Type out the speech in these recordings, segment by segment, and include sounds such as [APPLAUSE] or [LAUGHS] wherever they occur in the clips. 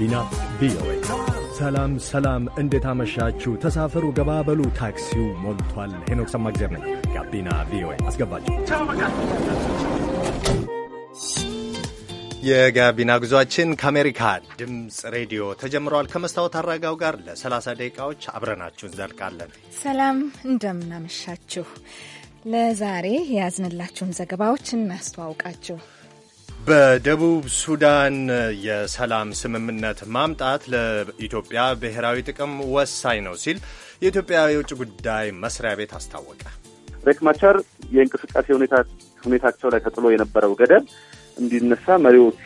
ጋቢና ቪኦኤ። ሰላም ሰላም፣ እንዴት አመሻችሁ? ተሳፈሩ፣ ገባበሉ፣ ታክሲው ሞልቷል። ሄኖክ ሰማግዜር ነኝ። ጋቢና ቪኦኤ አስገባችሁ። የጋቢና ጉዟችን ከአሜሪካ ድምፅ ሬዲዮ ተጀምረዋል። ከመስታወት አረጋው ጋር ለ30 ደቂቃዎች አብረናችሁ እንዘልቃለን። ሰላም እንደምናመሻችሁ። ለዛሬ የያዝንላችሁን ዘገባዎች እናስተዋውቃችሁ። በደቡብ ሱዳን የሰላም ስምምነት ማምጣት ለኢትዮጵያ ብሔራዊ ጥቅም ወሳኝ ነው ሲል የኢትዮጵያ የውጭ ጉዳይ መስሪያ ቤት አስታወቀ። ሬክ ማቻር የእንቅስቃሴ ሁኔታቸው ላይ ተጥሎ የነበረው ገደብ እንዲነሳ መሪዎቹ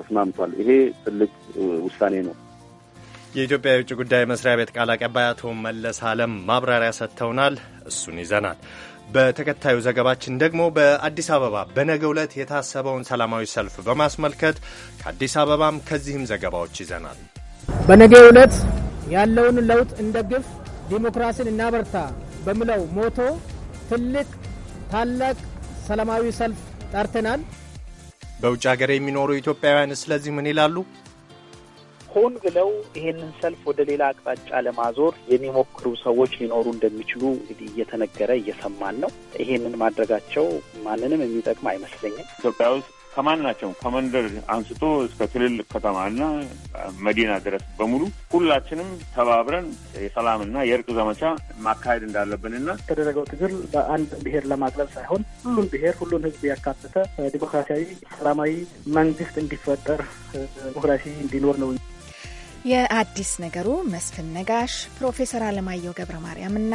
ተስማምቷል። ይሄ ትልቅ ውሳኔ ነው። የኢትዮጵያ የውጭ ጉዳይ መስሪያ ቤት ቃል አቀባይ አቶ መለስ አለም ማብራሪያ ሰጥተውናል። እሱን ይዘናል። በተከታዩ ዘገባችን ደግሞ በአዲስ አበባ በነገ ዕለት የታሰበውን ሰላማዊ ሰልፍ በማስመልከት ከአዲስ አበባም ከዚህም ዘገባዎች ይዘናል። በነገ ዕለት ያለውን ለውጥ እንደግፍ፣ ዲሞክራሲን እናበርታ በሚለው ሞቶ ትልቅ ታላቅ ሰላማዊ ሰልፍ ጠርተናል። በውጭ ሀገር የሚኖሩ ኢትዮጵያውያን ስለዚህ ምን ይላሉ? ሆን ብለው ይሄንን ሰልፍ ወደ ሌላ አቅጣጫ ለማዞር የሚሞክሩ ሰዎች ሊኖሩ እንደሚችሉ እንግዲህ እየተነገረ እየሰማን ነው። ይሄንን ማድረጋቸው ማንንም የሚጠቅም አይመስለኝም። ኢትዮጵያ ውስጥ ናቸው ከመንደር አንስቶ እስከ ትልልቅ ከተማና መዲና ድረስ በሙሉ ሁላችንም ተባብረን የሰላምና የእርቅ ዘመቻ ማካሄድ እንዳለብንና የተደረገው ትግል በአንድ ብሔር ለማቅለብ ሳይሆን ሁሉን ብሔር፣ ሁሉን ሕዝብ ያካተተ ዲሞክራሲያዊ፣ ሰላማዊ መንግስት እንዲፈጠር ዲሞክራሲ እንዲኖር ነው። የአዲስ ነገሩ መስፍን ነጋሽ፣ ፕሮፌሰር አለማየሁ ገብረ እና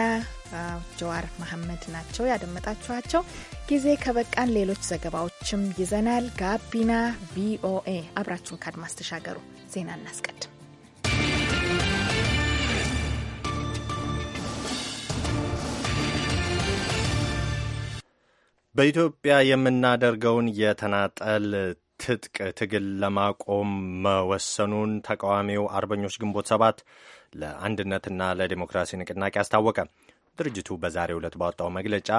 ጀዋር መሐመድ ናቸው ያደመጣችኋቸው። ጊዜ ከበቃን ሌሎች ዘገባዎችም ይዘናል። ጋቢና ቪኦኤ አብራችሁን ካድማስ ተሻገሩ። ዜና እናስቀድም። በኢትዮጵያ የምናደርገውን የተናጠል ትጥቅ ትግል ለማቆም መወሰኑን ተቃዋሚው አርበኞች ግንቦት ሰባት ለአንድነትና ለዲሞክራሲ ንቅናቄ አስታወቀ። ድርጅቱ በዛሬ ዕለት ባወጣው መግለጫ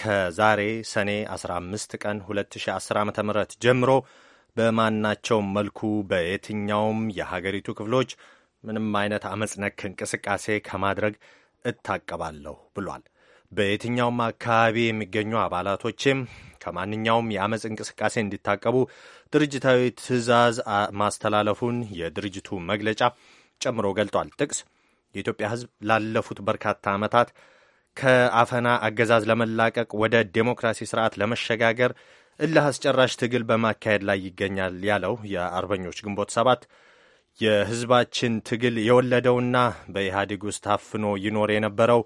ከዛሬ ሰኔ 15 ቀን 2010 ዓ ም ጀምሮ በማናቸውም መልኩ በየትኛውም የሀገሪቱ ክፍሎች ምንም አይነት አመጽነክ ነክ እንቅስቃሴ ከማድረግ እታቀባለሁ ብሏል። በየትኛውም አካባቢ የሚገኙ አባላቶችም ከማንኛውም የአመፅ እንቅስቃሴ እንዲታቀቡ ድርጅታዊ ትዕዛዝ ማስተላለፉን የድርጅቱ መግለጫ ጨምሮ ገልጧል። ጥቅስ የኢትዮጵያ ሕዝብ ላለፉት በርካታ ዓመታት ከአፈና አገዛዝ ለመላቀቅ ወደ ዴሞክራሲ ስርዓት ለመሸጋገር እልህ አስጨራሽ ትግል በማካሄድ ላይ ይገኛል ያለው የአርበኞች ግንቦት ሰባት የህዝባችን ትግል የወለደውና በኢህአዴግ ውስጥ ታፍኖ ይኖር የነበረው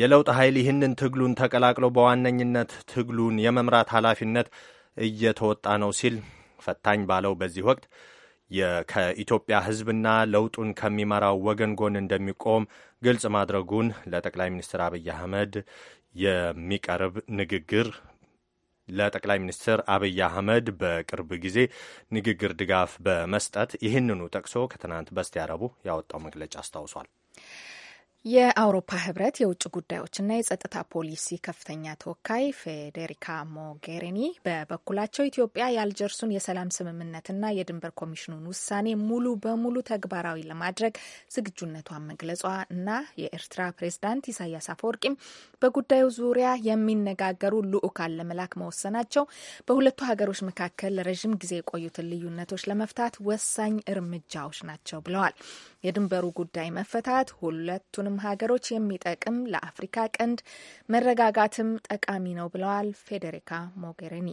የለውጥ ኃይል ይህንን ትግሉን ተቀላቅሎ በዋነኝነት ትግሉን የመምራት ኃላፊነት እየተወጣ ነው ሲል ፈታኝ ባለው በዚህ ወቅት ከኢትዮጵያ ሕዝብና ለውጡን ከሚመራው ወገን ጎን እንደሚቆም ግልጽ ማድረጉን ለጠቅላይ ሚኒስትር አብይ አህመድ የሚቀርብ ንግግር ለጠቅላይ ሚኒስትር አብይ አህመድ በቅርብ ጊዜ ንግግር ድጋፍ በመስጠት ይህንኑ ጠቅሶ ከትናንት በስቲያ ረቡዕ ያወጣው መግለጫ አስታውሷል። የአውሮፓ ህብረት የውጭ ጉዳዮችና የጸጥታ ፖሊሲ ከፍተኛ ተወካይ ፌዴሪካ ሞጌሪኒ በበኩላቸው ኢትዮጵያ የአልጀርሱን የሰላም ስምምነትና የድንበር ኮሚሽኑን ውሳኔ ሙሉ በሙሉ ተግባራዊ ለማድረግ ዝግጁነቷን መግለጿ እና የኤርትራ ፕሬዝዳንት ኢሳያስ አፈወርቂም በጉዳዩ ዙሪያ የሚነጋገሩ ልዑካን ለመላክ መወሰናቸው በሁለቱ ሀገሮች መካከል ለረዥም ጊዜ የቆዩትን ልዩነቶች ለመፍታት ወሳኝ እርምጃዎች ናቸው ብለዋል። የድንበሩ ጉዳይ መፈታት ሁለቱንም ሀገሮች የሚጠቅም ለአፍሪካ ቀንድ መረጋጋትም ጠቃሚ ነው ብለዋል ፌዴሪካ ሞጌሪኒ።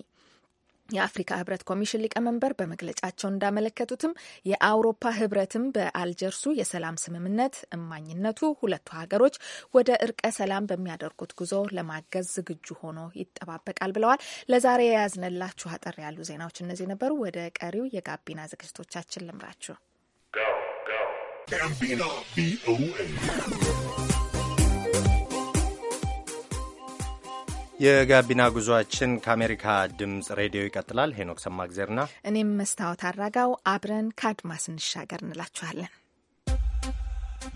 የአፍሪካ ህብረት ኮሚሽን ሊቀመንበር በመግለጫቸው እንዳመለከቱትም የአውሮፓ ህብረትም በአልጀርሱ የሰላም ስምምነት እማኝነቱ ሁለቱ ሀገሮች ወደ እርቀ ሰላም በሚያደርጉት ጉዞ ለማገዝ ዝግጁ ሆኖ ይጠባበቃል ብለዋል። ለዛሬ የያዝንላችሁ አጠር ያሉ ዜናዎች እነዚህ ነበሩ። ወደ ቀሪው የጋቢና ዝግጅቶቻችን ልምራችሁ። ጋቢና ቪኦኤ የጋቢና ጉዟችን ከአሜሪካ ድምፅ ሬዲዮ ይቀጥላል። ሄኖክ ሰማግዜርና እኔም መስታወት አራጋው አብረን ከአድማስ እንሻገር እንላችኋለን።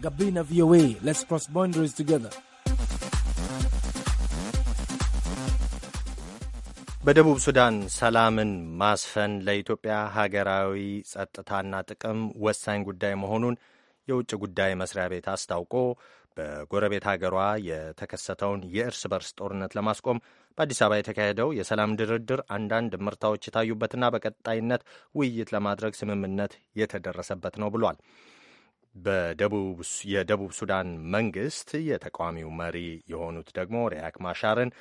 ጋቢና ቪኦኤ ሌትስ ክሮስ ቦንደሪስ ቱጌዘር በደቡብ ሱዳን ሰላምን ማስፈን ለኢትዮጵያ ሀገራዊ ጸጥታና ጥቅም ወሳኝ ጉዳይ መሆኑን የውጭ ጉዳይ መስሪያ ቤት አስታውቆ በጎረቤት ሀገሯ የተከሰተውን የእርስ በርስ ጦርነት ለማስቆም በአዲስ አበባ የተካሄደው የሰላም ድርድር አንዳንድ ምርታዎች የታዩበትና በቀጣይነት ውይይት ለማድረግ ስምምነት የተደረሰበት ነው ብሏል። የደቡብ ሱዳን መንግስት የተቃዋሚው መሪ የሆኑት ደግሞ ሪያክ ማሻርን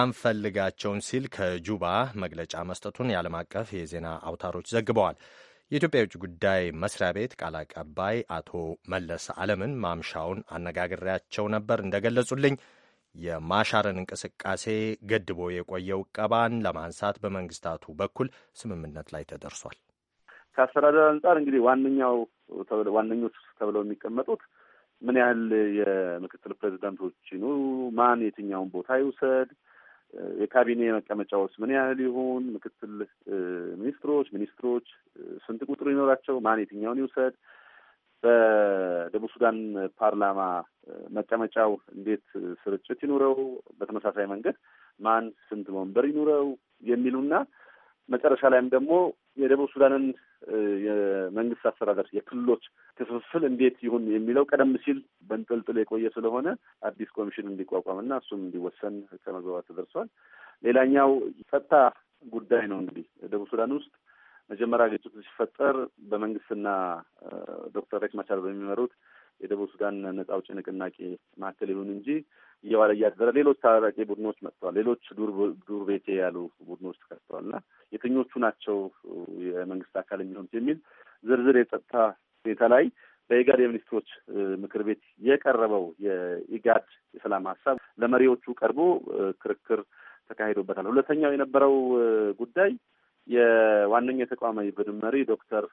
አንፈልጋቸውን ሲል ከጁባ መግለጫ መስጠቱን የዓለም አቀፍ የዜና አውታሮች ዘግበዋል። የኢትዮጵያ የውጭ ጉዳይ መስሪያ ቤት ቃል አቀባይ አቶ መለስ አለምን ማምሻውን አነጋግሬያቸው ነበር። እንደገለጹልኝ የማሻረን እንቅስቃሴ ገድቦ የቆየው እቀባን ለማንሳት በመንግስታቱ በኩል ስምምነት ላይ ተደርሷል። ከአስተዳደር አንጻር እንግዲህ ዋነኛው ዋነኞቹ ተብለው የሚቀመጡት ምን ያህል የምክትል ፕሬዚዳንቶች ይኑሩ፣ ማን የትኛውን ቦታ ይውሰድ የካቢኔ መቀመጫዎች ምን ያህል ይሁን፣ ምክትል ሚኒስትሮች ሚኒስትሮች ስንት ቁጥር ይኖራቸው፣ ማን የትኛውን ይውሰድ፣ በደቡብ ሱዳን ፓርላማ መቀመጫው እንዴት ስርጭት ይኑረው፣ በተመሳሳይ መንገድ ማን ስንት ወንበር ይኑረው የሚሉና መጨረሻ ላይም ደግሞ የደቡብ ሱዳንን የመንግስት አስተዳደር የክልሎች ክፍፍል እንዴት ይሁን የሚለው ቀደም ሲል በንጥልጥል የቆየ ስለሆነ አዲስ ኮሚሽን እንዲቋቋምና እሱም እንዲወሰን ከመግባባት ተደርሷል። ሌላኛው ፈታ ጉዳይ ነው። እንግዲህ ደቡብ ሱዳን ውስጥ መጀመሪያ ግጭቱ ሲፈጠር በመንግስትና ዶክተር ሬክ ማቻል በሚመሩት የደቡብ ሱዳን ነጻ አውጪ ንቅናቄ ማዕከል ይሁን እንጂ እየዋለ እያደረ ሌሎች ታራቂ ቡድኖች መጥተዋል። ሌሎች ዱር ቤቴ ያሉ ቡድኖች ተከስተዋል እና የትኞቹ ናቸው የመንግስት አካል የሚሆኑት የሚል ዝርዝር የጸጥታ ሁኔታ ላይ በኢጋድ የሚኒስትሮች ምክር ቤት የቀረበው የኢጋድ የሰላም ሀሳብ ለመሪዎቹ ቀርቦ ክርክር ተካሂዶበታል። ሁለተኛው የነበረው ጉዳይ የዋነኛ ተቋማዊ ቡድን መሪ ዶክተር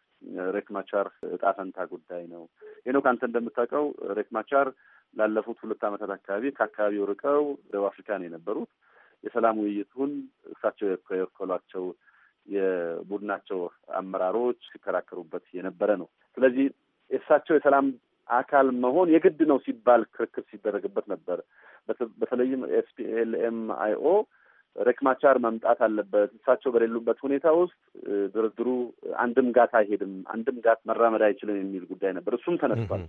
ሬክ ማቻር እጣ ፈንታ ጉዳይ ነው። ይህነው ከአንተ እንደምታውቀው ሬክ ማቻር ላለፉት ሁለት ዓመታት አካባቢ ከአካባቢው ርቀው ደቡብ አፍሪካ ነው የነበሩት። የሰላም ውይይቱን እሳቸው የወከሏቸው የቡድናቸው አመራሮች ሲከራከሩበት የነበረ ነው። ስለዚህ የእሳቸው የሰላም አካል መሆን የግድ ነው ሲባል ክርክር ሲደረግበት ነበር። በተለይም ኤስፒኤልኤም አይኦ ረክማቻር ማቻር መምጣት አለበት። እሳቸው በሌሉበት ሁኔታ ውስጥ ድርድሩ አንድም ጋት አይሄድም፣ አንድም ጋት መራመድ አይችልም የሚል ጉዳይ ነበር። እሱም ተነስቷል።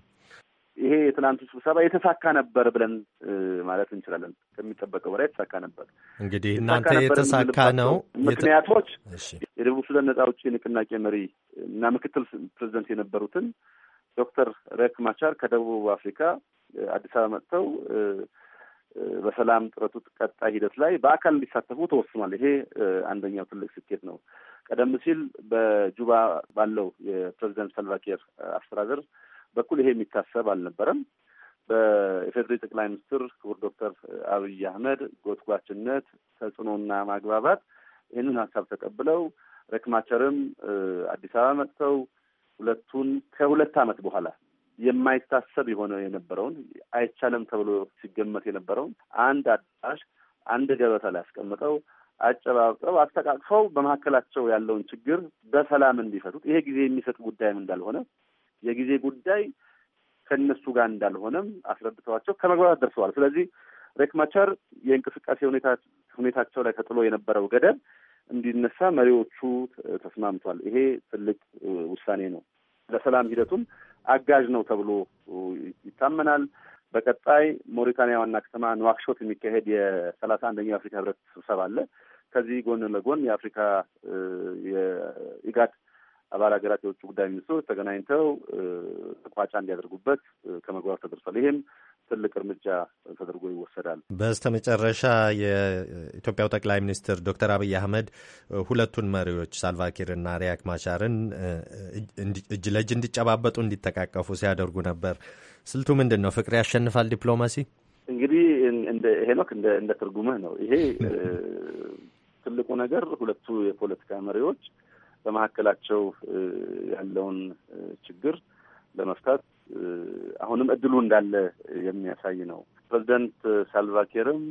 ይሄ የትናንቱ ስብሰባ የተሳካ ነበር ብለን ማለት እንችላለን። ከሚጠበቀው በላይ የተሳካ ነበር። እንግዲህ እናንተ የተሳካ ነው ምክንያቶች የደቡብ ሱዳን ነጻ አውጪ ንቅናቄ መሪ እና ምክትል ፕሬዚደንት የነበሩትን ዶክተር ሬክ ማቻር ከደቡብ አፍሪካ አዲስ አበባ መጥተው በሰላም ጥረቱ ቀጣይ ሂደት ላይ በአካል እንዲሳተፉ ተወስኗል። ይሄ አንደኛው ትልቅ ስኬት ነው። ቀደም ሲል በጁባ ባለው የፕሬዚደንት ሳልቫኪር አስተዳደር በኩል ይሄ የሚታሰብ አልነበረም። በኢፌዴሪ ጠቅላይ ሚኒስትር ክቡር ዶክተር አብይ አህመድ ጎትጓችነት፣ ተጽዕኖና ማግባባት ይህንን ሀሳብ ተቀብለው ሬክማቸርም አዲስ አበባ መጥተው ሁለቱን ከሁለት ዓመት በኋላ የማይታሰብ የሆነ የነበረውን አይቻልም ተብሎ ሲገመት የነበረውን አንድ አዳራሽ አንድ ገበታ ላይ አስቀምጠው አጨባብጠው አስተቃቅፈው በመካከላቸው ያለውን ችግር በሰላም እንዲፈቱት ይሄ ጊዜ የሚሰጥ ጉዳይም እንዳልሆነ የጊዜ ጉዳይ ከእነሱ ጋር እንዳልሆነም አስረድተዋቸው ከመግባባት ደርሰዋል። ስለዚህ ሬክማቸር የእንቅስቃሴ ሁኔታቸው ላይ ተጥሎ የነበረው ገደብ እንዲነሳ መሪዎቹ ተስማምቷል። ይሄ ትልቅ ውሳኔ ነው። ለሰላም ሂደቱም አጋዥ ነው ተብሎ ይታመናል። በቀጣይ ሞሪታንያ ዋና ከተማ ንዋክሾት የሚካሄድ የሰላሳ አንደኛው የአፍሪካ ህብረት ስብሰባ አለ። ከዚህ ጎን ለጎን የአፍሪካ የኢጋድ አባል ሀገራት የውጭ ጉዳይ ሚኒስትሮች ተገናኝተው መቋጫ እንዲያደርጉበት ከመግባት ተደርሷል። ይህም ትልቅ እርምጃ ተደርጎ ይወሰዳል። በስተመጨረሻ የኢትዮጵያው ጠቅላይ ሚኒስትር ዶክተር አብይ አህመድ ሁለቱን መሪዎች ሳልቫኪርና ሪያክ ማቻርን እጅ ለእጅ እንዲጨባበጡ፣ እንዲተቃቀፉ ሲያደርጉ ነበር። ስልቱ ምንድን ነው? ፍቅር ያሸንፋል ዲፕሎማሲ እንግዲህ እንደ ሄኖክ እንደ ትርጉምህ ነው። ይሄ ትልቁ ነገር ሁለቱ የፖለቲካ መሪዎች በመካከላቸው ያለውን ችግር ለመፍታት አሁንም እድሉ እንዳለ የሚያሳይ ነው። ፕሬዚደንት ሳልቫኪርም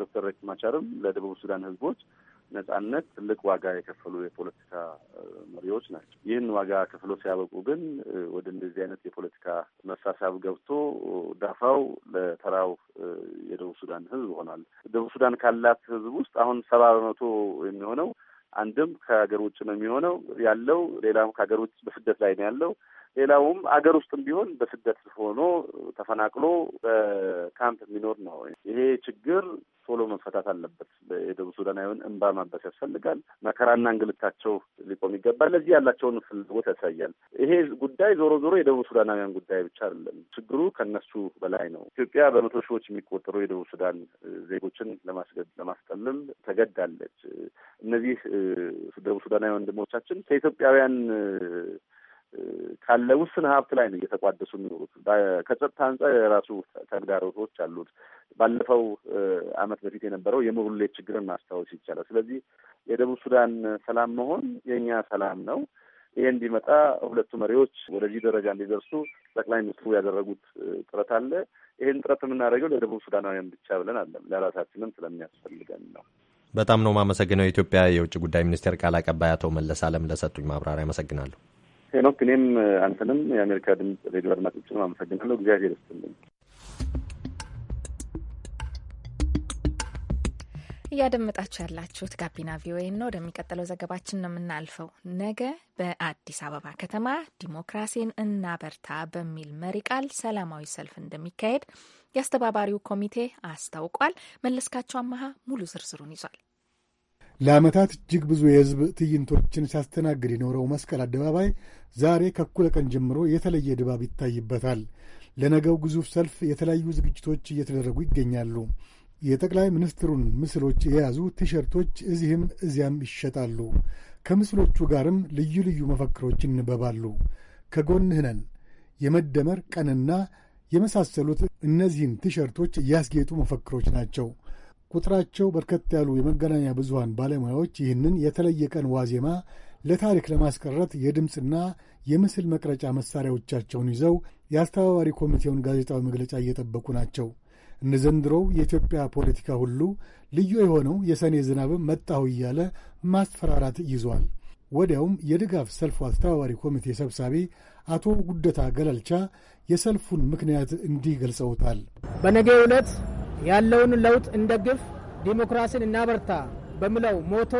ዶክተር ሬክ ማቻርም ለደቡብ ሱዳን ህዝቦች ነጻነት ትልቅ ዋጋ የከፈሉ የፖለቲካ መሪዎች ናቸው። ይህን ዋጋ ከፍሎ ሲያበቁ ግን ወደ እንደዚህ አይነት የፖለቲካ መሳሳብ ገብቶ ዳፋው ለተራው የደቡብ ሱዳን ህዝብ ሆኗል። ደቡብ ሱዳን ካላት ህዝብ ውስጥ አሁን ሰባ በመቶ የሚሆነው አንድም ከሀገር ውጭ ነው የሚሆነው ያለው፣ ሌላም ከሀገር ውጭ በስደት ላይ ነው ያለው። ሌላውም አገር ውስጥም ቢሆን በስደት ሆኖ ተፈናቅሎ በካምፕ የሚኖር ነው። ይሄ ችግር ቶሎ መፈታት አለበት። የደቡብ ሱዳናዊን እንባ ማበስ ያስፈልጋል። መከራና እንግልታቸው ሊቆም ይገባል። ለዚህ ያላቸውን ፍላጎት ያሳያል። ይሄ ጉዳይ ዞሮ ዞሮ የደቡብ ሱዳናዊያን ጉዳይ ብቻ አይደለም። ችግሩ ከነሱ በላይ ነው። ኢትዮጵያ በመቶ ሺዎች የሚቆጠሩ የደቡብ ሱዳን ዜጎችን ለማስገድ ተገዳለች። እነዚህ ደቡብ ሱዳናዊ ወንድሞቻችን ከኢትዮጵያውያን ካለ ውስን ሀብት ላይ ነው እየተቋደሱ የሚኖሩት። ከጸጥታ አንጻር የራሱ ተግዳሮቶች አሉት። ባለፈው ዓመት በፊት የነበረው የሙሩሌ ችግርን ማስታወስ ይቻላል። ስለዚህ የደቡብ ሱዳን ሰላም መሆን የእኛ ሰላም ነው። ይሄ እንዲመጣ ሁለቱ መሪዎች ወደዚህ ደረጃ እንዲደርሱ ጠቅላይ ሚኒስትሩ ያደረጉት ጥረት አለ። ይህን ጥረት የምናደርገው ለደቡብ ሱዳናውያን ብቻ ብለን አለም ለራሳችንም ስለሚያስፈልገን ነው። በጣም ነው የማመሰግነው። የኢትዮጵያ የውጭ ጉዳይ ሚኒስቴር ቃል አቀባይ አቶ መለስ አለም ለሰጡኝ ማብራሪያ አመሰግናለሁ። ሄኖክ፣ እኔም አንተንም የአሜሪካ ድምፅ ሬዲዮ አድማጮችንም አመሰግናለሁ። እግዚአብሔር ይስጥልኝ። እያደመጣችሁ ያላችሁት ጋቢና ቪኦኤ ነው። ወደሚቀጥለው ዘገባችን ነው የምናልፈው። ነገ በአዲስ አበባ ከተማ ዲሞክራሲን እናበርታ በሚል መሪ ቃል ሰላማዊ ሰልፍ እንደሚካሄድ የአስተባባሪው ኮሚቴ አስታውቋል። መለስካቸው አመሃ ሙሉ ዝርዝሩን ይዟል። ለዓመታት እጅግ ብዙ የሕዝብ ትዕይንቶችን ሲያስተናግድ የኖረው መስቀል አደባባይ ዛሬ ከእኩለ ቀን ጀምሮ የተለየ ድባብ ይታይበታል። ለነገው ግዙፍ ሰልፍ የተለያዩ ዝግጅቶች እየተደረጉ ይገኛሉ። የጠቅላይ ሚኒስትሩን ምስሎች የያዙ ቲሸርቶች እዚህም እዚያም ይሸጣሉ። ከምስሎቹ ጋርም ልዩ ልዩ መፈክሮች ይንበባሉ። ከጎንህ ነን፣ የመደመር ቀንና የመሳሰሉት እነዚህን ቲሸርቶች ያስጌጡ መፈክሮች ናቸው። ቁጥራቸው በርከት ያሉ የመገናኛ ብዙሃን ባለሙያዎች ይህንን የተለየ ቀን ዋዜማ ለታሪክ ለማስቀረት የድምፅና የምስል መቅረጫ መሳሪያዎቻቸውን ይዘው የአስተባባሪ ኮሚቴውን ጋዜጣዊ መግለጫ እየጠበቁ ናቸው። እንደ ዘንድሮው የኢትዮጵያ ፖለቲካ ሁሉ ልዩ የሆነው የሰኔ ዝናብ መጣሁ እያለ ማስፈራራት ይዟል። ወዲያውም የድጋፍ ሰልፉ አስተባባሪ ኮሚቴ ሰብሳቢ አቶ ጉደታ ገለልቻ የሰልፉን ምክንያት እንዲህ ገልጸውታል። በነገ ዕለት ያለውን ለውጥ እንደግፍ፣ ዲሞክራሲን እናበርታ በሚለው ሞቶ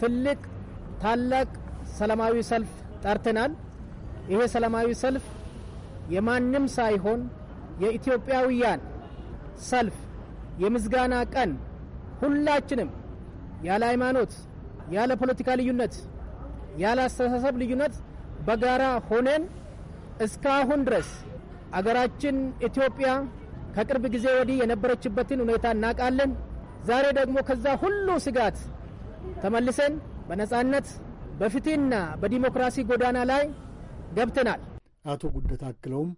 ትልቅ ታላቅ ሰላማዊ ሰልፍ ጠርተናል። ይሄ ሰላማዊ ሰልፍ የማንም ሳይሆን የኢትዮጵያውያን ሰልፍ የምዝጋና ቀን ሁላችንም ያለ ሃይማኖት፣ ያለ ፖለቲካ ልዩነት፣ ያለ አስተሳሰብ ልዩነት በጋራ ሆነን እስካሁን ድረስ አገራችን ኢትዮጵያ ከቅርብ ጊዜ ወዲህ የነበረችበትን ሁኔታ እናውቃለን። ዛሬ ደግሞ ከዛ ሁሉ ስጋት ተመልሰን በነጻነት በፍትህና በዲሞክራሲ ጎዳና ላይ ገብተናል። አቶ ጉደታ አክለውም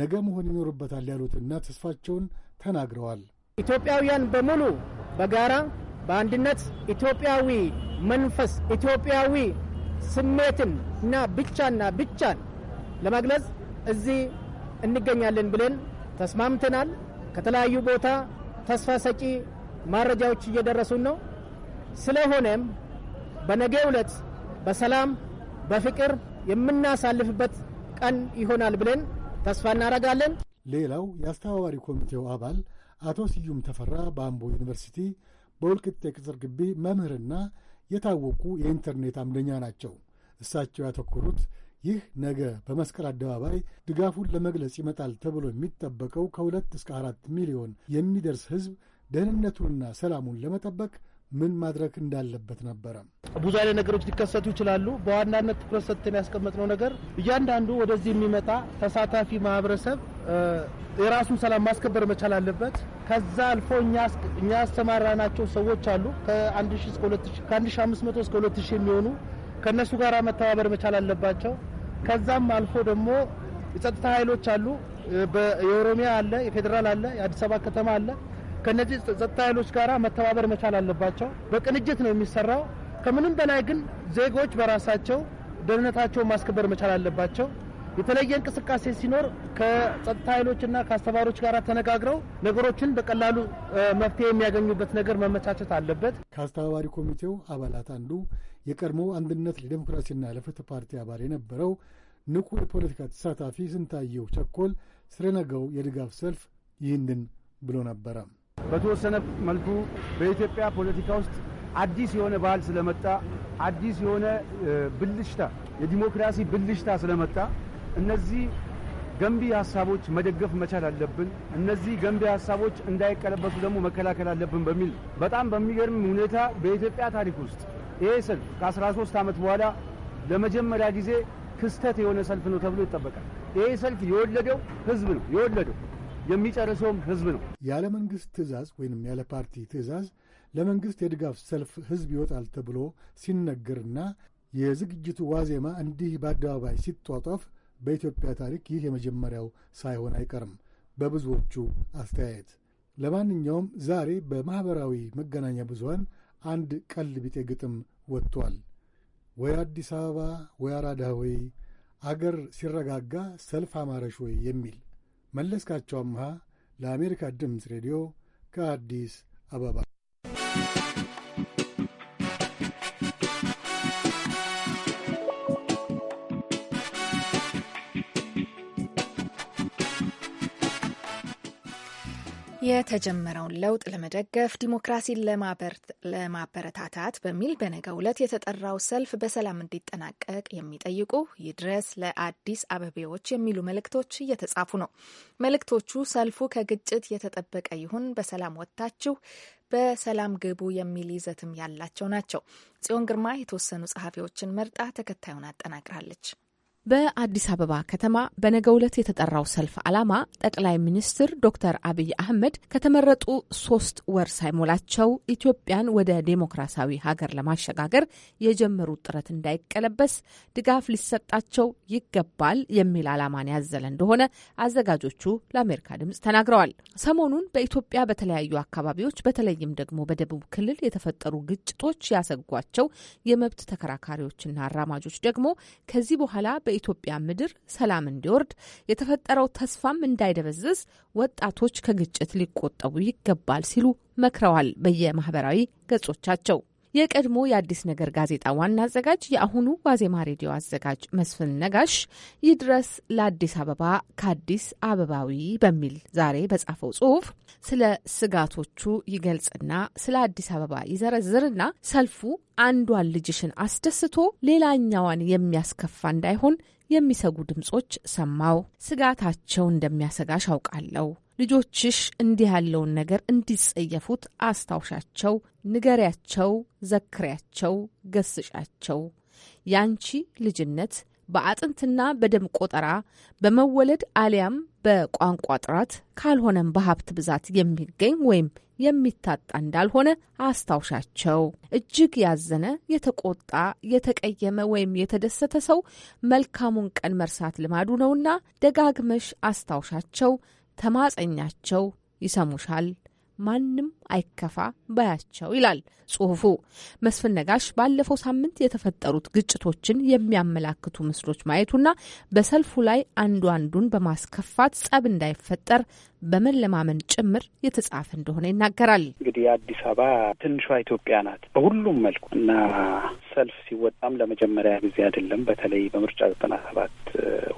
ነገ መሆን ይኖርበታል ያሉትና ተስፋቸውን ተናግረዋል። ኢትዮጵያውያን በሙሉ በጋራ በአንድነት ኢትዮጵያዊ መንፈስ ኢትዮጵያዊ ስሜትን እና ብቻና ብቻን ለመግለጽ እዚህ እንገኛለን ብለን ተስማምተናል። ከተለያዩ ቦታ ተስፋ ሰጪ ማረጃዎች እየደረሱን ነው። ስለሆነም በነገ ዕለት በሰላም በፍቅር የምናሳልፍበት ቀን ይሆናል ብለን ተስፋ እናደርጋለን። ሌላው የአስተባባሪ ኮሚቴው አባል አቶ ስዩም ተፈራ በአምቦ ዩኒቨርሲቲ በውልቅት ቅጽር ግቢ መምህርና የታወቁ የኢንተርኔት አምደኛ ናቸው። እሳቸው ያተኮሩት ይህ ነገ በመስቀል አደባባይ ድጋፉን ለመግለጽ ይመጣል ተብሎ የሚጠበቀው ከሁለት እስከ አራት ሚሊዮን የሚደርስ ህዝብ ደህንነቱንና ሰላሙን ለመጠበቅ ምን ማድረግ እንዳለበት ነበረ። ብዙ አይነት ነገሮች ሊከሰቱ ይችላሉ። በዋናነት ትኩረት ሰጥተን ያስቀመጥነው ነገር እያንዳንዱ ወደዚህ የሚመጣ ተሳታፊ ማህበረሰብ የራሱን ሰላም ማስከበር መቻል አለበት። ከዛ አልፎ እኛ ያስተማራናቸው ሰዎች አሉ ከ1500 እስከ 2000 የሚሆኑ ከነሱ ጋር መተባበር መቻል አለባቸው። ከዛም አልፎ ደግሞ የጸጥታ ኃይሎች አሉ። የኦሮሚያ አለ፣ የፌዴራል አለ፣ የአዲስ አበባ ከተማ አለ። ከነዚህ ጸጥታ ኃይሎች ጋር መተባበር መቻል አለባቸው። በቅንጅት ነው የሚሰራው። ከምንም በላይ ግን ዜጎች በራሳቸው ደህንነታቸውን ማስከበር መቻል አለባቸው። የተለየ እንቅስቃሴ ሲኖር ከጸጥታ ኃይሎችና ከአስተባሪዎች ጋር ተነጋግረው ነገሮችን በቀላሉ መፍትሄ የሚያገኙበት ነገር መመቻቸት አለበት። ከአስተባባሪ ኮሚቴው አባላት አንዱ የቀድሞ አንድነት ለዲሞክራሲና ለፍትህ ፓርቲ አባል የነበረው ንቁ የፖለቲካ ተሳታፊ ስንታየው ቸኮል ስለነገው የድጋፍ ሰልፍ ይህንን ብሎ ነበረ። በተወሰነ መልኩ በኢትዮጵያ ፖለቲካ ውስጥ አዲስ የሆነ ባህል ስለመጣ አዲስ የሆነ ብልሽታ የዲሞክራሲ ብልሽታ ስለመጣ እነዚህ ገንቢ ሀሳቦች መደገፍ መቻል አለብን። እነዚህ ገንቢ ሀሳቦች እንዳይቀለበሱ ደግሞ መከላከል አለብን በሚል በጣም በሚገርም ሁኔታ በኢትዮጵያ ታሪክ ውስጥ ይሄ ሰልፍ ከ13 ዓመት በኋላ ለመጀመሪያ ጊዜ ክስተት የሆነ ሰልፍ ነው ተብሎ ይጠበቃል። ይሄ ሰልፍ የወለደው ህዝብ ነው የወለደው የሚጨርሰውም ህዝብ ነው። ያለ መንግስት ትእዛዝ ወይንም ያለ ፓርቲ ትእዛዝ ለመንግስት የድጋፍ ሰልፍ ህዝብ ይወጣል ተብሎ ሲነገርና የዝግጅቱ ዋዜማ እንዲህ በአደባባይ ሲጧጧፍ በኢትዮጵያ ታሪክ ይህ የመጀመሪያው ሳይሆን አይቀርም በብዙዎቹ አስተያየት። ለማንኛውም ዛሬ በማኅበራዊ መገናኛ ብዙሃን አንድ ቀል ቢጤ ግጥም ወጥቷል። ወይ አዲስ አበባ ወይ አራዳ ወይ አገር ሲረጋጋ ሰልፍ አማረሽ ወይ የሚል መለስካቸው አምሃ ለአሜሪካ ድምፅ ሬዲዮ ከአዲስ አበባ የተጀመረውን ለውጥ ለመደገፍ ዲሞክራሲን ለማበረታታት በሚል በነገው ዕለት የተጠራው ሰልፍ በሰላም እንዲጠናቀቅ የሚጠይቁ ይድረስ ለአዲስ አበቤዎች የሚሉ መልእክቶች እየተጻፉ ነው። መልእክቶቹ ሰልፉ ከግጭት የተጠበቀ ይሁን፣ በሰላም ወጥታችሁ በሰላም ግቡ የሚል ይዘትም ያላቸው ናቸው። ጽዮን ግርማ የተወሰኑ ጸሐፊዎችን መርጣ ተከታዩን አጠናቅራለች። በአዲስ አበባ ከተማ በነገ ዕለት የተጠራው ሰልፍ ዓላማ ጠቅላይ ሚኒስትር ዶክተር አብይ አህመድ ከተመረጡ ሶስት ወር ሳይሞላቸው ኢትዮጵያን ወደ ዴሞክራሲያዊ ሀገር ለማሸጋገር የጀመሩት ጥረት እንዳይቀለበስ ድጋፍ ሊሰጣቸው ይገባል የሚል ዓላማን ያዘለ እንደሆነ አዘጋጆቹ ለአሜሪካ ድምጽ ተናግረዋል። ሰሞኑን በኢትዮጵያ በተለያዩ አካባቢዎች በተለይም ደግሞ በደቡብ ክልል የተፈጠሩ ግጭቶች ያሰጓቸው የመብት ተከራካሪዎችና አራማጆች ደግሞ ከዚህ በኋላ በ በኢትዮጵያ ምድር ሰላም እንዲወርድ የተፈጠረው ተስፋም እንዳይደበዝዝ ወጣቶች ከግጭት ሊቆጠቡ ይገባል ሲሉ መክረዋል። በየማህበራዊ ገጾቻቸው የቀድሞ የአዲስ ነገር ጋዜጣ ዋና አዘጋጅ የአሁኑ ዋዜማ ሬዲዮ አዘጋጅ መስፍን ነጋሽ ይድረስ ለአዲስ አበባ ከአዲስ አበባዊ በሚል ዛሬ በጻፈው ጽሁፍ ስለ ስጋቶቹ ይገልጽና ስለ አዲስ አበባ ይዘረዝርና ሰልፉ አንዷን ልጅሽን አስደስቶ ሌላኛዋን የሚያስከፋ እንዳይሆን የሚሰጉ ድምጾች ሰማው። ስጋታቸው እንደሚያሰጋሽ አውቃለሁ። ልጆችሽ እንዲህ ያለውን ነገር እንዲጸየፉት አስታውሻቸው፣ ንገሪያቸው፣ ዘክሪያቸው፣ ገስጫቸው። ያንቺ ልጅነት በአጥንትና በደም ቆጠራ በመወለድ አሊያም በቋንቋ ጥራት ካልሆነም በሀብት ብዛት የሚገኝ ወይም የሚታጣ እንዳልሆነ አስታውሻቸው። እጅግ ያዘነ፣ የተቆጣ፣ የተቀየመ ወይም የተደሰተ ሰው መልካሙን ቀን መርሳት ልማዱ ነውና ደጋግመሽ አስታውሻቸው፣ ተማጸኛቸው ይሰሙሻል ማንም አይከፋ ባያቸው ይላል ጽሁፉ። መስፍን ነጋሽ ባለፈው ሳምንት የተፈጠሩት ግጭቶችን የሚያመላክቱ ምስሎች ማየቱና በሰልፉ ላይ አንዱ አንዱን በማስከፋት ጸብ እንዳይፈጠር በመለማመን ጭምር የተጻፈ እንደሆነ ይናገራል። እንግዲህ አዲስ አበባ ትንሿ ኢትዮጵያ ናት በሁሉም መልኩ እና ሰልፍ ሲወጣም ለመጀመሪያ ጊዜ አይደለም። በተለይ በምርጫ ዘጠና ሰባት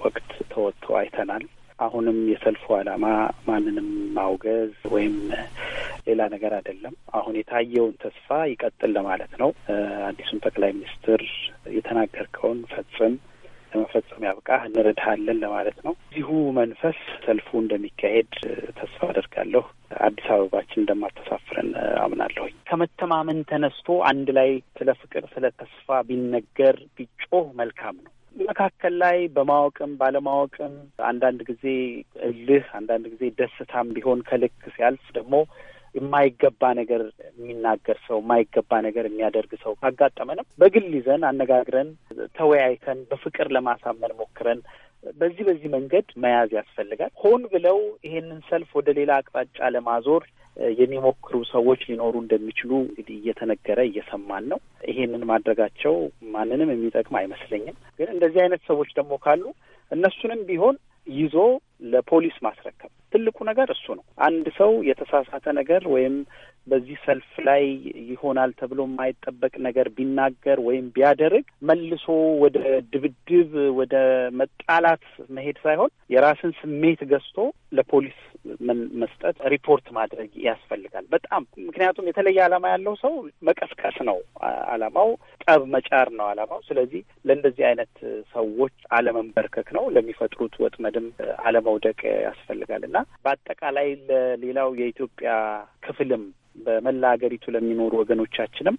ወቅት ተወጥቶ አይተናል። አሁንም የሰልፉ ዓላማ ማንንም ማውገዝ ወይም ሌላ ነገር አይደለም። አሁን የታየውን ተስፋ ይቀጥል ለማለት ነው። አዲሱን ጠቅላይ ሚኒስትር የተናገርከውን ፈጽም ለመፈጸም ያብቃ እንረዳሃለን ለማለት ነው። እዚሁ መንፈስ ሰልፉ እንደሚካሄድ ተስፋ አደርጋለሁ። አዲስ አበባችን እንደማተሳፍረን አምናለሁኝ። ከመተማመን ተነስቶ አንድ ላይ ስለ ፍቅር፣ ስለ ተስፋ ቢነገር ቢጮህ መልካም ነው። መካከል ላይ በማወቅም ባለማወቅም አንዳንድ ጊዜ እልህ፣ አንዳንድ ጊዜ ደስታም ቢሆን ከልክ ሲያልፍ ደግሞ የማይገባ ነገር የሚናገር ሰው የማይገባ ነገር የሚያደርግ ሰው ካጋጠመንም በግል ይዘን አነጋግረን ተወያይተን በፍቅር ለማሳመን ሞክረን በዚህ በዚህ መንገድ መያዝ ያስፈልጋል። ሆን ብለው ይሄንን ሰልፍ ወደ ሌላ አቅጣጫ ለማዞር የሚሞክሩ ሰዎች ሊኖሩ እንደሚችሉ እንግዲህ እየተነገረ እየሰማን ነው። ይሄንን ማድረጋቸው ማንንም የሚጠቅም አይመስለኝም። ግን እንደዚህ አይነት ሰዎች ደግሞ ካሉ እነሱንም ቢሆን ይዞ ለፖሊስ ማስረከብ ትልቁ ነገር እሱ ነው። አንድ ሰው የተሳሳተ ነገር ወይም በዚህ ሰልፍ ላይ ይሆናል ተብሎ የማይጠበቅ ነገር ቢናገር ወይም ቢያደርግ መልሶ ወደ ድብድብ፣ ወደ መጣላት መሄድ ሳይሆን የራስን ስሜት ገዝቶ ለፖሊስ መስጠት፣ ሪፖርት ማድረግ ያስፈልጋል በጣም ምክንያቱም የተለየ ዓላማ ያለው ሰው መቀስቀስ ነው ዓላማው፣ ጠብ መጫር ነው ዓላማው። ስለዚህ ለእንደዚህ አይነት ሰዎች አለመንበርከክ ነው፣ ለሚፈጥሩት ወጥመድም አለመ መውደቅ ያስፈልጋል እና በአጠቃላይ ለሌላው የኢትዮጵያ ክፍልም በመላ ሀገሪቱ ለሚኖሩ ወገኖቻችንም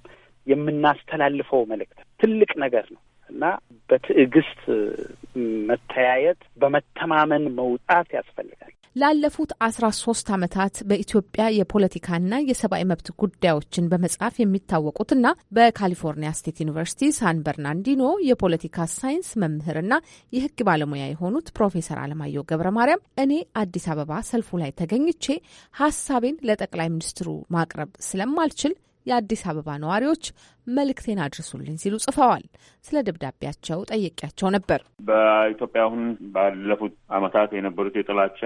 የምናስተላልፈው መልእክት ትልቅ ነገር ነው እና በትዕግስት መተያየት፣ በመተማመን መውጣት ያስፈልጋል። ላለፉት 13 ዓመታት በኢትዮጵያ የፖለቲካና የሰብአዊ መብት ጉዳዮችን በመጻፍ የሚታወቁትና በካሊፎርኒያ ስቴት ዩኒቨርሲቲ ሳን በርናንዲኖ የፖለቲካ ሳይንስ መምህርና የሕግ ባለሙያ የሆኑት ፕሮፌሰር አለማየሁ ገብረ ማርያም እኔ አዲስ አበባ ሰልፉ ላይ ተገኝቼ ሀሳቤን ለጠቅላይ ሚኒስትሩ ማቅረብ ስለማልችል የአዲስ አበባ ነዋሪዎች መልእክቴን አድርሱልኝ ሲሉ ጽፈዋል። ስለ ደብዳቤያቸው ጠየቂያቸው ነበር። በኢትዮጵያ አሁን ባለፉት ዓመታት የነበሩት የጥላቻ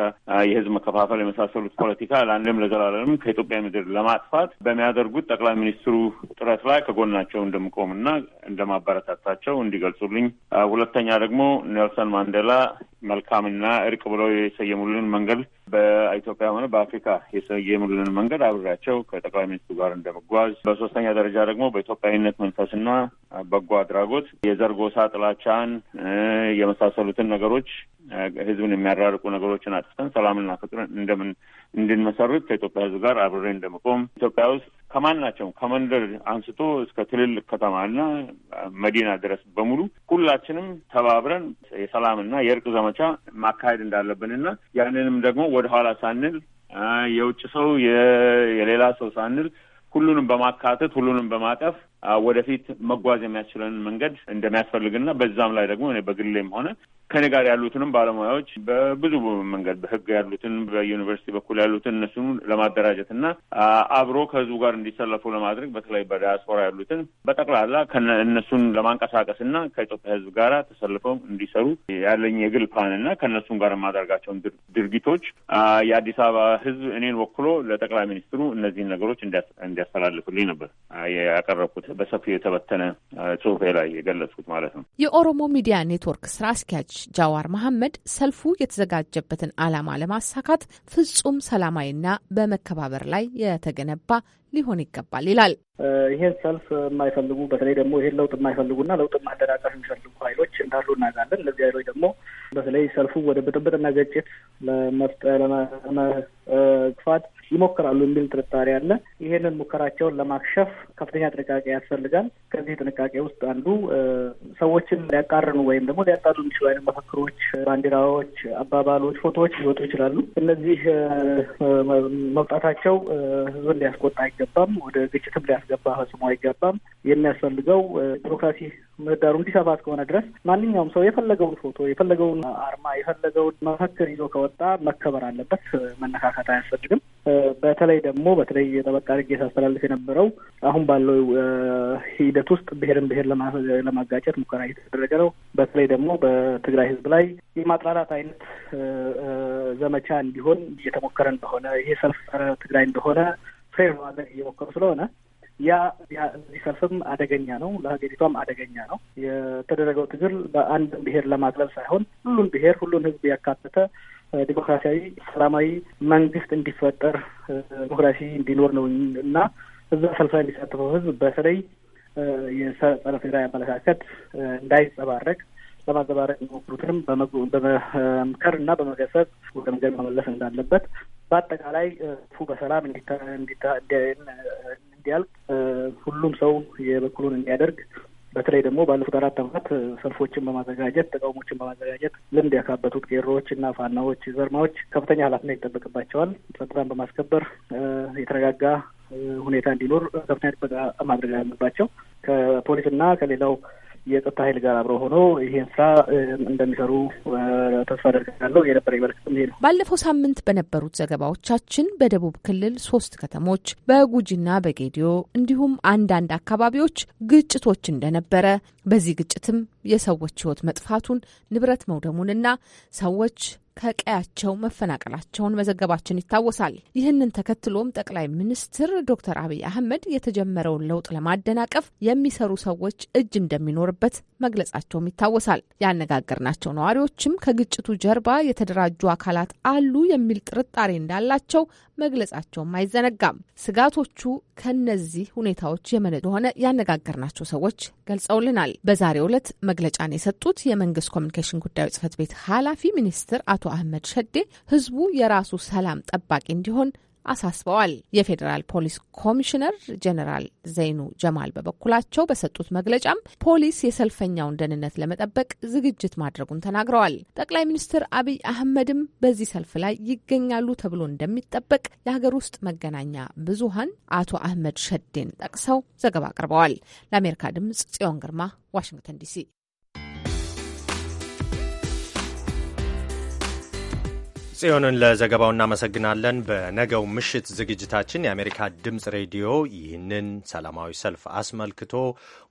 የህዝብ መከፋፈል የመሳሰሉት ፖለቲካ ለአንድም ለዘላለምም ከኢትዮጵያ ምድር ለማጥፋት በሚያደርጉት ጠቅላይ ሚኒስትሩ ጥረት ላይ ከጎናቸው እንደምቆምና እንደማበረታታቸው እንዲገልጹልኝ፣ ሁለተኛ ደግሞ ኔልሰን ማንዴላ መልካምና እርቅ ብለው የሰየሙልንን መንገድ በኢትዮጵያ ሆነ በአፍሪካ የሰየሙልንን መንገድ አብሬያቸው ከጠቅላይ ሚኒስትሩ ጋር እንደመጓዝ፣ በሶስተኛ ደረጃ ደግሞ በኢትዮጵያዊነት መንፈስና በጎ አድራጎት የዘር ጎሳ ጥላቻን የመሳሰሉትን ነገሮች ህዝብን የሚያራርቁ ነገሮችን አጥፍተን ሰላምና ፍጥር እንደምን እንድንመሰርት ከኢትዮጵያ ህዝብ ጋር አብሬ እንደመቆም ኢትዮጵያ ውስጥ ከማናቸውም ከመንደር አንስቶ እስከ ትልልቅ ከተማና መዲና ድረስ በሙሉ ሁላችንም ተባብረን የሰላምና የእርቅ ዘመቻ ማካሄድ እንዳለብንና ያንንም ደግሞ ወደኋላ ሳንል የውጭ ሰው የሌላ ሰው ሳንል ሁሉንም በማካተት ሁሉንም በማቀፍ ወደፊት መጓዝ የሚያስችለን መንገድ እንደሚያስፈልግና በዛም ላይ ደግሞ በግሌም ሆነ ከኔ ጋር ያሉትንም ባለሙያዎች በብዙ መንገድ በህግ ያሉትን በዩኒቨርሲቲ በኩል ያሉትን እነሱን ለማደራጀት እና አብሮ ከህዝቡ ጋር እንዲሰለፉ ለማድረግ በተለይ በዲያስፖራ ያሉትን በጠቅላላ እነሱን ለማንቀሳቀስ እና ከኢትዮጵያ ህዝብ ጋር ተሰልፈው እንዲሰሩ ያለኝ የግል ፕላን እና ከእነሱም ጋር የማደርጋቸውን ድርጊቶች የአዲስ አበባ ህዝብ እኔን ወክሎ ለጠቅላይ ሚኒስትሩ እነዚህን ነገሮች እንዲያስተላልፍልኝ ነበር ያቀረብኩት በሰፊው የተበተነ ጽሁፌ ላይ የገለጽኩት ማለት ነው። የኦሮሞ ሚዲያ ኔትወርክ ስራ አስኪያጅ ጃዋር መሐመድ ሰልፉ የተዘጋጀበትን ዓላማ ለማሳካት ፍጹም ሰላማዊና በመከባበር ላይ የተገነባ ሊሆን ይገባል ይላል። ይሄን ሰልፍ የማይፈልጉ በተለይ ደግሞ ይሄን ለውጥ የማይፈልጉና ለውጥ ማደናቀፍ የሚፈልጉ ኃይሎች እንዳሉ እናውቃለን። እነዚህ ኃይሎች ደግሞ በተለይ ሰልፉ ወደ ብጥብጥና ግጭት ለመግፋት ይሞክራሉ የሚል ጥርጣሬ አለ። ይሄንን ሙከራቸውን ለማክሸፍ ከፍተኛ ጥንቃቄ ያስፈልጋል። ከዚህ ጥንቃቄ ውስጥ አንዱ ሰዎችን ሊያቃርኑ ወይም ደግሞ ሊያጣሉ የሚችሉ አይነት መፈክሮች፣ ባንዲራዎች፣ አባባሎች፣ ፎቶዎች ሊወጡ ይችላሉ። እነዚህ መውጣታቸው ህዝብን ሊያስቆጣ አይገባም፣ ወደ ግጭትም ሊያስገባ ፈጽሞ አይገባም። የሚያስፈልገው ዲሞክራሲ ምህዳሩ እንዲሰፋ እስከሆነ ድረስ ማንኛውም ሰው የፈለገውን ፎቶ፣ የፈለገውን አርማ፣ የፈለገውን መፈክር ይዞ ከወጣ መከበር አለበት። መነካካት አያስፈልግም። በተለይ ደግሞ በተለይ ጠበቃ አድርጌ ሳስተላልፍ የነበረው አሁን ባለው ሂደት ውስጥ ብሄርን ብሄር ለማጋጨት ሙከራ እየተደረገ ነው። በተለይ ደግሞ በትግራይ ህዝብ ላይ የማጥላላት አይነት ዘመቻ እንዲሆን እየተሞከረ እንደሆነ ይሄ ሰልፍ ትግራይ እንደሆነ ፌር ለማድረግ እየሞከሩ ስለሆነ ያ እዚህ ሰልፍም አደገኛ ነው፣ ለሀገሪቷም አደገኛ ነው። የተደረገው ትግል በአንድ ብሄር ለማቅለብ ሳይሆን ሁሉን ብሄር ሁሉን ህዝብ ያካተተ ዲሞክራሲያዊ ሰላማዊ መንግስት እንዲፈጠር ዲሞክራሲ እንዲኖር ነው እና እዛ ሰልፍ ላይ የሚሳተፈው ሕዝብ በተለይ የጸረ ፌዴራዊ አመለካከት እንዳይጸባረቅ ለማንጸባረቅ የሚሞክሩትንም በመምከር እና በመገሰጽ ወደ መንገድ መመለስ እንዳለበት በአጠቃላይ ፉ በሰላም እንዲያልቅ ሁሉም ሰው የበኩሉን እንዲያደርግ በተለይ ደግሞ ባለፉት አራት ዓመታት ሰልፎችን በማዘጋጀት ተቃውሞችን በማዘጋጀት ልምድ ያካበቱት ቄሮዎች እና ፋናዎች፣ ዘርማዎች ከፍተኛ ኃላፊነት ይጠበቅባቸዋል። ጸጥታን በማስከበር የተረጋጋ ሁኔታ እንዲኖር ከፍተኛ ጥበቃ ማድረግ አለባቸው። ከፖሊስና ከሌላው የጸጥታ ኃይል ጋር አብረው ሆኖ ይሄን ስራ እንደሚሰሩ ተስፋ አደርጋለሁ። የነበረ መልክትም ይሄ ነው። ባለፈው ሳምንት በነበሩት ዘገባዎቻችን በደቡብ ክልል ሶስት ከተሞች በጉጂና በጌዲዮ እንዲሁም አንዳንድ አካባቢዎች ግጭቶች እንደነበረ በዚህ ግጭትም የሰዎች ሕይወት መጥፋቱን ንብረት መውደሙንና ሰዎች ከቀያቸው መፈናቀላቸውን መዘገባችን ይታወሳል። ይህንን ተከትሎም ጠቅላይ ሚኒስትር ዶክተር አብይ አህመድ የተጀመረውን ለውጥ ለማደናቀፍ የሚሰሩ ሰዎች እጅ እንደሚኖርበት መግለጻቸውም ይታወሳል። ያነጋገርናቸው ነዋሪዎችም ከግጭቱ ጀርባ የተደራጁ አካላት አሉ የሚል ጥርጣሬ እንዳላቸው መግለጻቸውም አይዘነጋም። ስጋቶቹ ከነዚህ ሁኔታዎች የመነ እንደሆነ ያነጋገርናቸው ሰዎች ገልጸውልናል። በዛሬው ዕለት መግለጫን የሰጡት የመንግስት ኮሚኒኬሽን ጉዳዮች ጽህፈት ቤት ኃላፊ ሚኒስትር አቶ አህመድ ሸዴ ህዝቡ የራሱ ሰላም ጠባቂ እንዲሆን አሳስበዋል። የፌዴራል ፖሊስ ኮሚሽነር ጀኔራል ዘይኑ ጀማል በበኩላቸው በሰጡት መግለጫም ፖሊስ የሰልፈኛውን ደህንነት ለመጠበቅ ዝግጅት ማድረጉን ተናግረዋል። ጠቅላይ ሚኒስትር አብይ አህመድም በዚህ ሰልፍ ላይ ይገኛሉ ተብሎ እንደሚጠበቅ የሀገር ውስጥ መገናኛ ብዙሃን አቶ አህመድ ሸዴን ጠቅሰው ዘገባ አቅርበዋል። ለአሜሪካ ድምጽ ጽዮን ግርማ ዋሽንግተን ዲሲ ጽዮንን ለዘገባው እናመሰግናለን። በነገው ምሽት ዝግጅታችን የአሜሪካ ድምፅ ሬዲዮ ይህንን ሰላማዊ ሰልፍ አስመልክቶ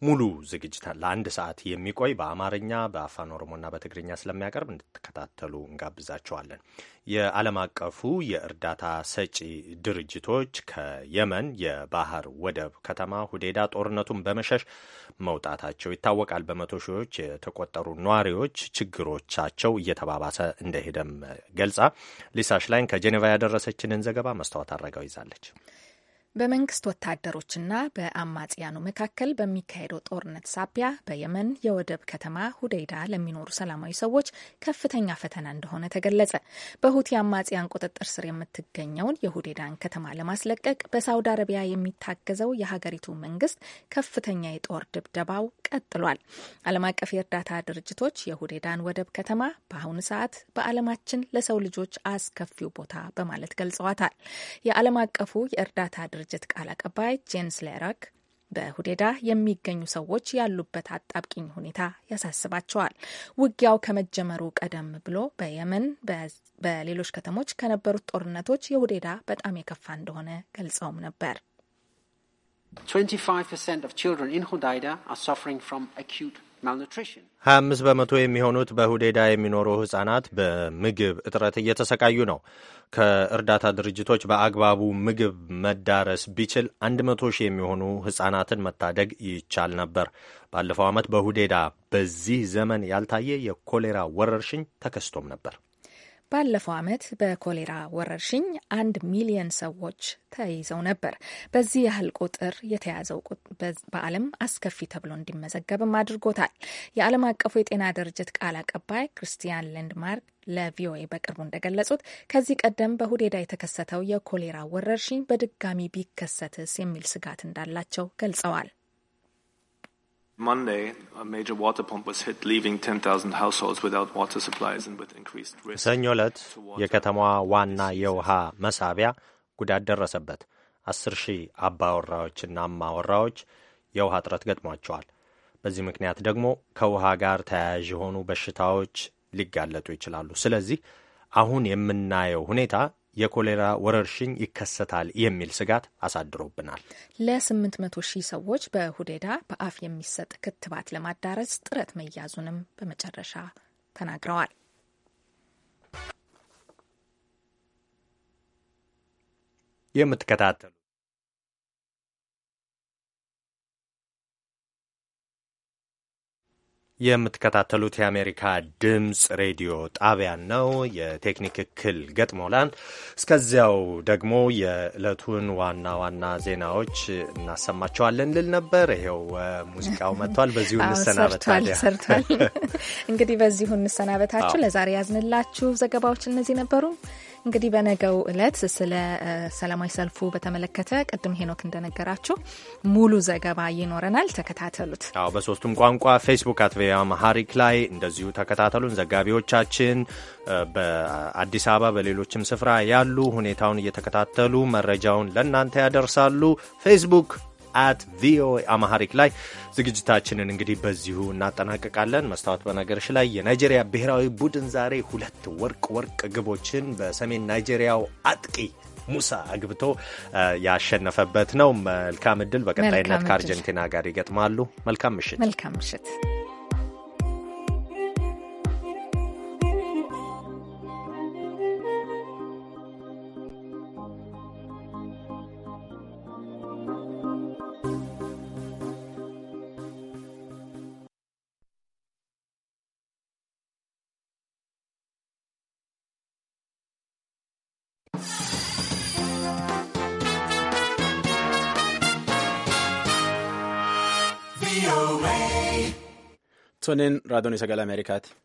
ሙሉ ዝግጅት ለአንድ ሰዓት የሚቆይ በአማርኛ በአፋን ኦሮሞና በትግርኛ ስለሚያቀርብ እንድትከታተሉ እንጋብዛቸዋለን። የዓለም አቀፉ የእርዳታ ሰጪ ድርጅቶች ከየመን የባህር ወደብ ከተማ ሁዴዳ ጦርነቱን በመሸሽ መውጣታቸው ይታወቃል። በመቶ ሺዎች የተቆጠሩ ነዋሪዎች ችግሮቻቸው እየተባባሰ እንደሄደም ገልጻ ሊሳ ሽላይን ከጄኔቫ ያደረሰችንን ዘገባ መስታወት አድረጋው ይዛለች። በመንግስት ወታደሮችና በአማጽያኑ መካከል በሚካሄደው ጦርነት ሳቢያ በየመን የወደብ ከተማ ሁዴይዳ ለሚኖሩ ሰላማዊ ሰዎች ከፍተኛ ፈተና እንደሆነ ተገለጸ። በሁቲ አማጽያን ቁጥጥር ስር የምትገኘውን የሁዴዳን ከተማ ለማስለቀቅ በሳውዲ አረቢያ የሚታገዘው የሀገሪቱ መንግስት ከፍተኛ የጦር ድብደባው ቀጥሏል። ዓለም አቀፍ የእርዳታ ድርጅቶች የሁዴዳን ወደብ ከተማ በአሁኑ ሰዓት በዓለማችን ለሰው ልጆች አስከፊው ቦታ በማለት ገልጸዋታል። የዓለም አቀፉ የእርዳታ ድርጅት ቃል አቀባይ ጄንስ ሌራክ በሁዴዳ የሚገኙ ሰዎች ያሉበት አጣብቂኝ ሁኔታ ያሳስባቸዋል። ውጊያው ከመጀመሩ ቀደም ብሎ በየመን በሌሎች ከተሞች ከነበሩት ጦርነቶች የሁዴዳ በጣም የከፋ እንደሆነ ገልጸውም ነበር። 25% of children in Hodeidah are suffering from acute malnutrition. 25 በመቶ የሚሆኑት በሁዴዳ የሚኖሩ ሕፃናት በምግብ እጥረት እየተሰቃዩ ነው። ከእርዳታ ድርጅቶች በአግባቡ ምግብ መዳረስ ቢችል 100 ሺህ የሚሆኑ ሕፃናትን መታደግ ይቻል ነበር። ባለፈው ዓመት በሁዴዳ በዚህ ዘመን ያልታየ የኮሌራ ወረርሽኝ ተከስቶም ነበር። ባለፈው ዓመት በኮሌራ ወረርሽኝ አንድ ሚሊየን ሰዎች ተይዘው ነበር። በዚህ ያህል ቁጥር የተያዘው በዓለም አስከፊ ተብሎ እንዲመዘገብም አድርጎታል። የዓለም አቀፉ የጤና ድርጅት ቃል አቀባይ ክርስቲያን ሌንድማርክ ለቪኦኤ በቅርቡ እንደገለጹት ከዚህ ቀደም በሁዴዳ የተከሰተው የኮሌራ ወረርሽኝ በድጋሚ ቢከሰትስ የሚል ስጋት እንዳላቸው ገልጸዋል። ሰኞ ዕለት የከተማዋ ዋና የውሃ መሳቢያ ጉዳት ደረሰበት። አስር ሺህ አባወራዎችና እማወራዎች የውሃ እጥረት ገጥሟቸዋል። በዚህ ምክንያት ደግሞ ከውሃ ጋር ተያያዥ የሆኑ በሽታዎች ሊጋለጡ ይችላሉ። ስለዚህ አሁን የምናየው ሁኔታ የኮሌራ ወረርሽኝ ይከሰታል የሚል ስጋት አሳድሮብናል። ለ800 ሺህ ሰዎች በሁዴዳ በአፍ የሚሰጥ ክትባት ለማዳረስ ጥረት መያዙንም በመጨረሻ ተናግረዋል። የምትከታተሉ የምትከታተሉት የአሜሪካ ድምፅ ሬዲዮ ጣቢያን ነው። የቴክኒክ እክል ገጥሞላን። እስከዚያው ደግሞ የዕለቱን ዋና ዋና ዜናዎች እናሰማቸዋለን ልል ነበር። ይሄው ሙዚቃው መጥቷል። በዚሁ እንሰናበታል ሰርቷል። [LAUGHS] እንግዲህ በዚሁ እንሰናበታችሁ። ለዛሬ ያዝንላችሁ ዘገባዎች እነዚህ ነበሩ። እንግዲህ በነገው እለት ስለ ሰላማዊ ሰልፉ በተመለከተ ቅድም ሄኖክ እንደነገራችሁ ሙሉ ዘገባ ይኖረናል። ተከታተሉት። አዎ በሶስቱም ቋንቋ ፌስቡክ አት ቪኦኤ አማሃሪክ ላይ እንደዚሁ ተከታተሉን። ዘጋቢዎቻችን በአዲስ አበባ በሌሎችም ስፍራ ያሉ ሁኔታውን እየተከታተሉ መረጃውን ለእናንተ ያደርሳሉ። ፌስቡክ አት ቪኦኤ አማሐሪክ ላይ ዝግጅታችንን እንግዲህ በዚሁ እናጠናቀቃለን። መስታወት በነገርሽ ላይ የናይጄሪያ ብሔራዊ ቡድን ዛሬ ሁለት ወርቅ ወርቅ ግቦችን በሰሜን ናይጄሪያው አጥቂ ሙሳ አግብቶ ያሸነፈበት ነው። መልካም እድል። በቀጣይነት ከአርጀንቲና ጋር ይገጥማሉ። መልካም ምሽት። መልካም ምሽት። Toniin raadiyoon sagalee Ameerikaati.